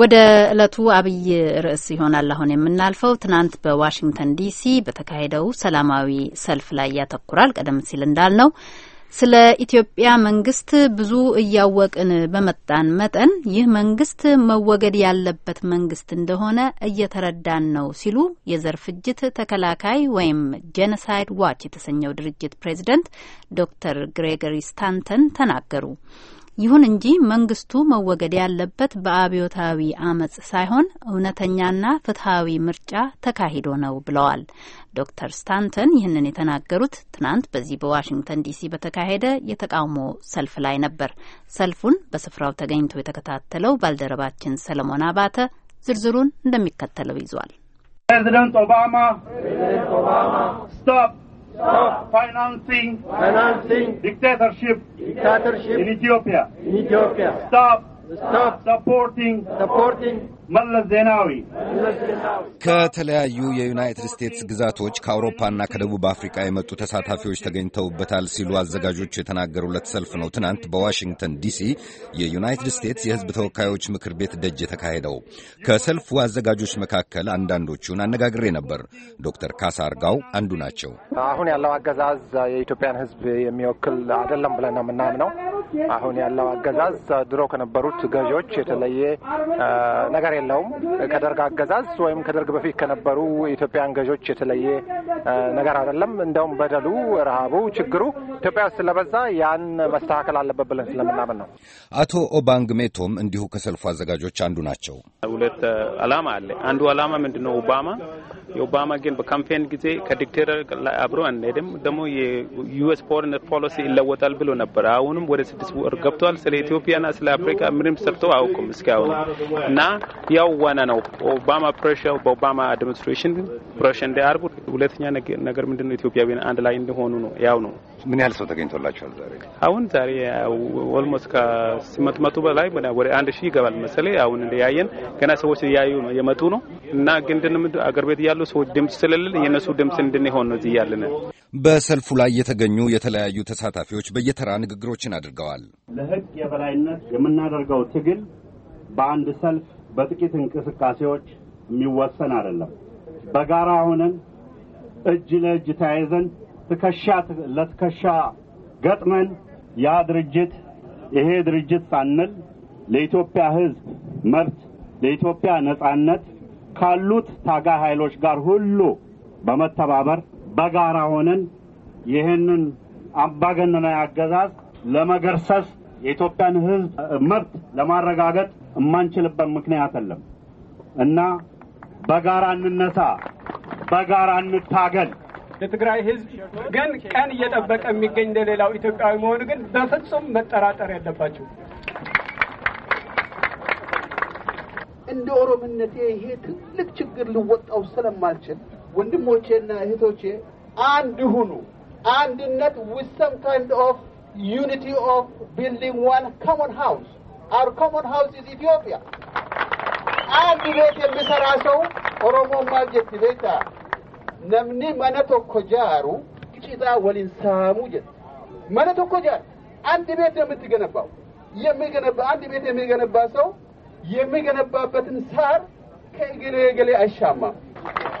ወደ ዕለቱ አብይ ርዕስ ይሆናል አሁን የምናልፈው። ትናንት በዋሽንግተን ዲሲ በተካሄደው ሰላማዊ ሰልፍ ላይ ያተኩራል። ቀደም ሲል እንዳልነው ስለ ኢትዮጵያ መንግስት ብዙ እያወቅን በመጣን መጠን ይህ መንግስት መወገድ ያለበት መንግስት እንደሆነ እየተረዳን ነው ሲሉ የዘር ፍጅት ተከላካይ ወይም ጄኖሳይድ ዋች የተሰኘው ድርጅት ፕሬዚደንት ዶክተር ግሬገሪ ስታንተን ተናገሩ። ይሁን እንጂ መንግስቱ መወገድ ያለበት በአብዮታዊ አመጽ ሳይሆን እውነተኛና ፍትሐዊ ምርጫ ተካሂዶ ነው ብለዋል። ዶክተር ስታንተን ይህንን የተናገሩት ትናንት በዚህ በዋሽንግተን ዲሲ በተካሄደ የተቃውሞ ሰልፍ ላይ ነበር። ሰልፉን በስፍራው ተገኝቶ የተከታተለው ባልደረባችን ሰለሞን አባተ ዝርዝሩን እንደሚከተለው ይዟል። ፕሬዚደንት ኦባማ Stop financing, financing dictatorship, dictatorship in Ethiopia. In Ethiopia. Stop, stop supporting, supporting መለስ ዜናዊ ከተለያዩ የዩናይትድ ስቴትስ ግዛቶች ከአውሮፓና ከደቡብ አፍሪካ የመጡ ተሳታፊዎች ተገኝተውበታል ሲሉ አዘጋጆች የተናገሩለት ሰልፍ ነው ትናንት በዋሽንግተን ዲሲ የዩናይትድ ስቴትስ የሕዝብ ተወካዮች ምክር ቤት ደጅ የተካሄደው። ከሰልፉ አዘጋጆች መካከል አንዳንዶቹን አነጋግሬ ነበር። ዶክተር ካሳ አርጋው አንዱ ናቸው። አሁን ያለው አገዛዝ የኢትዮጵያን ሕዝብ የሚወክል አይደለም ብለን ነው የምናምነው አሁን ያለው አገዛዝ ድሮ ከነበሩት ገዢዎች የተለየ ነገር የለውም። ከደርግ አገዛዝ ወይም ከደርግ በፊት ከነበሩ ኢትዮጵያን ገዢዎች የተለየ ነገር አይደለም። እንደውም በደሉ፣ ረሃቡ፣ ችግሩ ኢትዮጵያ ውስጥ ስለበዛ ያን መስተካከል አለበት ብለን ስለምናምን ነው። አቶ ኦባንግ ሜቶም እንዲሁ ከሰልፉ አዘጋጆች አንዱ ናቸው። ሁለት አላማ አለ። አንዱ አላማ ምንድን ነው? ኦባማ የኦባማ ግን በካምፔን ጊዜ ከዲክቴተር ላይ አብሮ አንሄድም ደግሞ የዩኤስ ፎሬን ፖሊሲ ይለወጣል ብሎ ነበር። አሁንም ወደ ወር ገብቷል። ስለ ኢትዮጵያና ስለ አፍሪካ ምንም ሰርቶ አያውቁም እስካሁን እና ያው ዋና ነው ኦባማ ፕሬሽር በኦባማ አድሚኒስትሬሽን ፕሬሽር እንዲያርቡ፣ ሁለተኛ ነገር ምንድን ምንድነው ኢትዮጵያውያን አንድ ላይ እንደሆኑ ነው። ያው ነው። ምን ያህል ሰው ተገኝቶላቸዋል ዛሬ? አሁን ዛሬ ኦልሞስት ከስምንት መቶ በላይ ወደ አንድ ሺህ ይገባል መሰለኝ። አሁን እንደያየን ገና ሰዎች እያዩ ነው የመጡ ነው እና ግን አገር ቤት ያሉ ሰዎች ድምፅ ስለሌለ የእነሱ ድምፅ እንድንሆን ነው እዚህ ያለን በሰልፉ ላይ የተገኙ የተለያዩ ተሳታፊዎች በየተራ ንግግሮችን አድርገዋል። ለህግ የበላይነት የምናደርገው ትግል በአንድ ሰልፍ፣ በጥቂት እንቅስቃሴዎች የሚወሰን አይደለም። በጋራ ሆነን እጅ ለእጅ ተያይዘን ትከሻ ለትከሻ ገጥመን ያ ድርጅት ይሄ ድርጅት ሳንል ለኢትዮጵያ ህዝብ መብት ለኢትዮጵያ ነጻነት ካሉት ታጋይ ኃይሎች ጋር ሁሉ በመተባበር በጋራ ሆነን ይህንን አምባገነናዊ አገዛዝ ለመገርሰስ የኢትዮጵያን ሕዝብ መብት ለማረጋገጥ የማንችልበት ምክንያት የለም እና በጋራ እንነሳ፣ በጋራ እንታገል። የትግራይ ሕዝብ ግን ቀን እየጠበቀ የሚገኝ እንደሌላው ኢትዮጵያዊ መሆኑ ግን በፍጹም መጠራጠር ያለባቸው እንደ ኦሮምነቴ ይሄ ትልቅ ችግር ልወጣው ስለማልችል ወንድሞቼና እህቶቼ አንድ ሁኑ። አንድነት with some kind of unity of building one common house. Our common house is Ethiopia. አንድ ቤት የሚሰራ ሰው ኦሮሞ ማጀት ቤታ ነምኒ መነ ኮጃሩ ቂጣ ጭዛ ወሊንሳሙ ጀት መነ ቶኮ አንድ ቤት የምትገነባው የሚገነባ አንድ ቤት የሚገነባ ሰው የሚገነባበትን ሳር ከእገሌ እገሌ አይሻማም።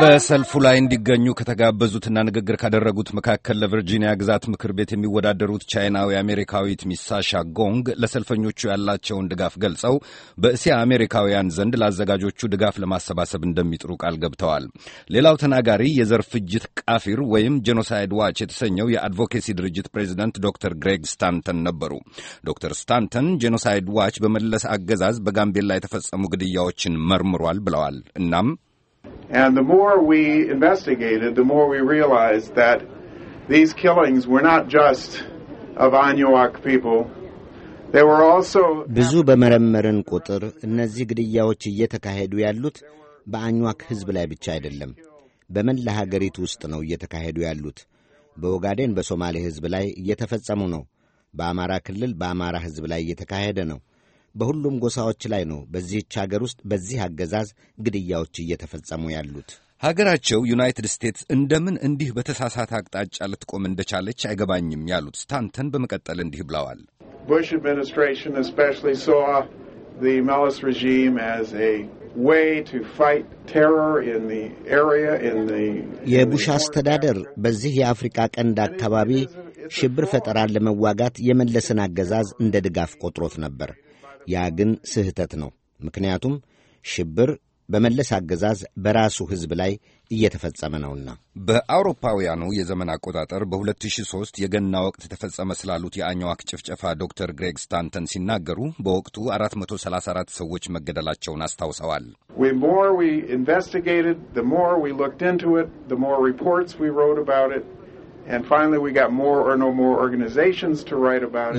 በሰልፉ ላይ እንዲገኙ ከተጋበዙትና ንግግር ካደረጉት መካከል ለቨርጂኒያ ግዛት ምክር ቤት የሚወዳደሩት ቻይናዊ አሜሪካዊት ሚስ ሳሻ ጎንግ ለሰልፈኞቹ ያላቸውን ድጋፍ ገልጸው በእስያ አሜሪካውያን ዘንድ ለአዘጋጆቹ ድጋፍ ለማሰባሰብ እንደሚጥሩ ቃል ገብተዋል። ሌላው ተናጋሪ የዘር ፍጅት ቃፊር ወይም ጄኖሳይድ ዋች የተሰኘው የአድቮኬሲ ድርጅት ፕሬዚደንት ዶክተር ግሬግ ስታንተን ነበሩ። ዶክተር ስታንተን ጄኖሳይድ ዋች በመለስ አገዛዝ በጋምቤላ የተፈጸሙ ግድያዎችን መርምሯል ብለዋል። እናም And the more we investigated, the more we realized that these killings were not just of Anuak people. They were also ብዙ በመረመርን ቁጥር እነዚህ ግድያዎች እየተካሄዱ ያሉት በአኟክ ሕዝብ ላይ ብቻ አይደለም፣ በመላ ሀገሪቱ ውስጥ ነው እየተካሄዱ ያሉት። በኦጋዴን በሶማሌ ሕዝብ ላይ እየተፈጸሙ ነው። በአማራ ክልል በአማራ ሕዝብ ላይ እየተካሄደ ነው። በሁሉም ጎሳዎች ላይ ነው በዚህች አገር ውስጥ በዚህ አገዛዝ ግድያዎች እየተፈጸሙ ያሉት። ሀገራቸው ዩናይትድ ስቴትስ እንደምን እንዲህ በተሳሳተ አቅጣጫ ልትቆም እንደቻለች አይገባኝም ያሉት ስታንተን በመቀጠል እንዲህ ብለዋል። የቡሽ አስተዳደር በዚህ የአፍሪካ ቀንድ አካባቢ ሽብር ፈጠራን ለመዋጋት የመለስን አገዛዝ እንደ ድጋፍ ቆጥሮት ነበር። ያ ግን ስህተት ነው። ምክንያቱም ሽብር በመለስ አገዛዝ በራሱ ሕዝብ ላይ እየተፈጸመ ነውና። በአውሮፓውያኑ የዘመን አቆጣጠር በ2003 የገና ወቅት ተፈጸመ ስላሉት የአኝዋክ ጭፍጨፋ ዶክተር ግሬግ ስታንተን ሲናገሩ በወቅቱ 434 ሰዎች መገደላቸውን አስታውሰዋል።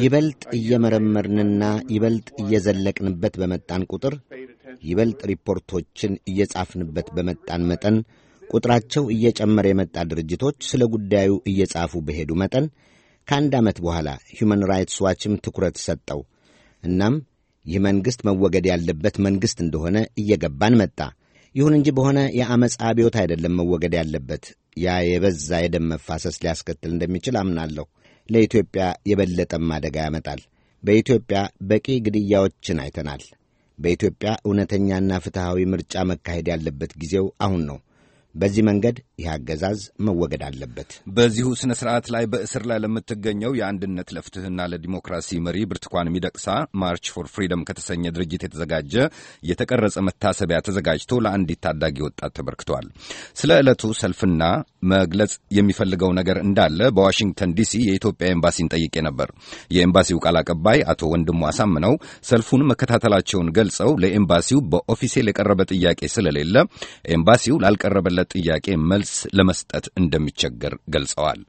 ይበልጥ እየመረመርንና ይበልጥ እየዘለቅንበት በመጣን ቁጥር ይበልጥ ሪፖርቶችን እየጻፍንበት በመጣን መጠን ቁጥራቸው እየጨመረ የመጣ ድርጅቶች ስለ ጉዳዩ እየጻፉ በሄዱ መጠን ከአንድ ዓመት በኋላ ሁመን ራይትስ ዋችም ትኩረት ሰጠው። እናም ይህ መንግሥት መወገድ ያለበት መንግሥት እንደሆነ እየገባን መጣ። ይሁን እንጂ በሆነ የአመፃ አብዮት አይደለም መወገድ ያለበት። ያ የበዛ የደም መፋሰስ ሊያስከትል እንደሚችል አምናለሁ። ለኢትዮጵያ የበለጠም አደጋ ያመጣል። በኢትዮጵያ በቂ ግድያዎችን አይተናል። በኢትዮጵያ እውነተኛና ፍትሐዊ ምርጫ መካሄድ ያለበት ጊዜው አሁን ነው። በዚህ መንገድ ይህ አገዛዝ መወገድ አለበት። በዚሁ ስነ ስርዓት ላይ በእስር ላይ ለምትገኘው የአንድነት ለፍትህና ለዲሞክራሲ መሪ ብርቱካን ሚደቅሳ ማርች ፎር ፍሪደም ከተሰኘ ድርጅት የተዘጋጀ የተቀረጸ መታሰቢያ ተዘጋጅቶ ለአንዲት ታዳጊ ወጣት ተበርክቷል። ስለ ዕለቱ ሰልፍና መግለጽ የሚፈልገው ነገር እንዳለ በዋሽንግተን ዲሲ የኢትዮጵያ ኤምባሲን ጠይቄ ነበር። የኤምባሲው ቃል አቀባይ አቶ ወንድሙ አሳምነው ሰልፉን መከታተላቸውን ገልጸው ለኤምባሲው በኦፊሴል የቀረበ ጥያቄ ስለሌለ ኤምባሲው ላልቀረበለት ጥያቄ መልስ ለመስጠት እንደሚቸገር ገልጸዋል።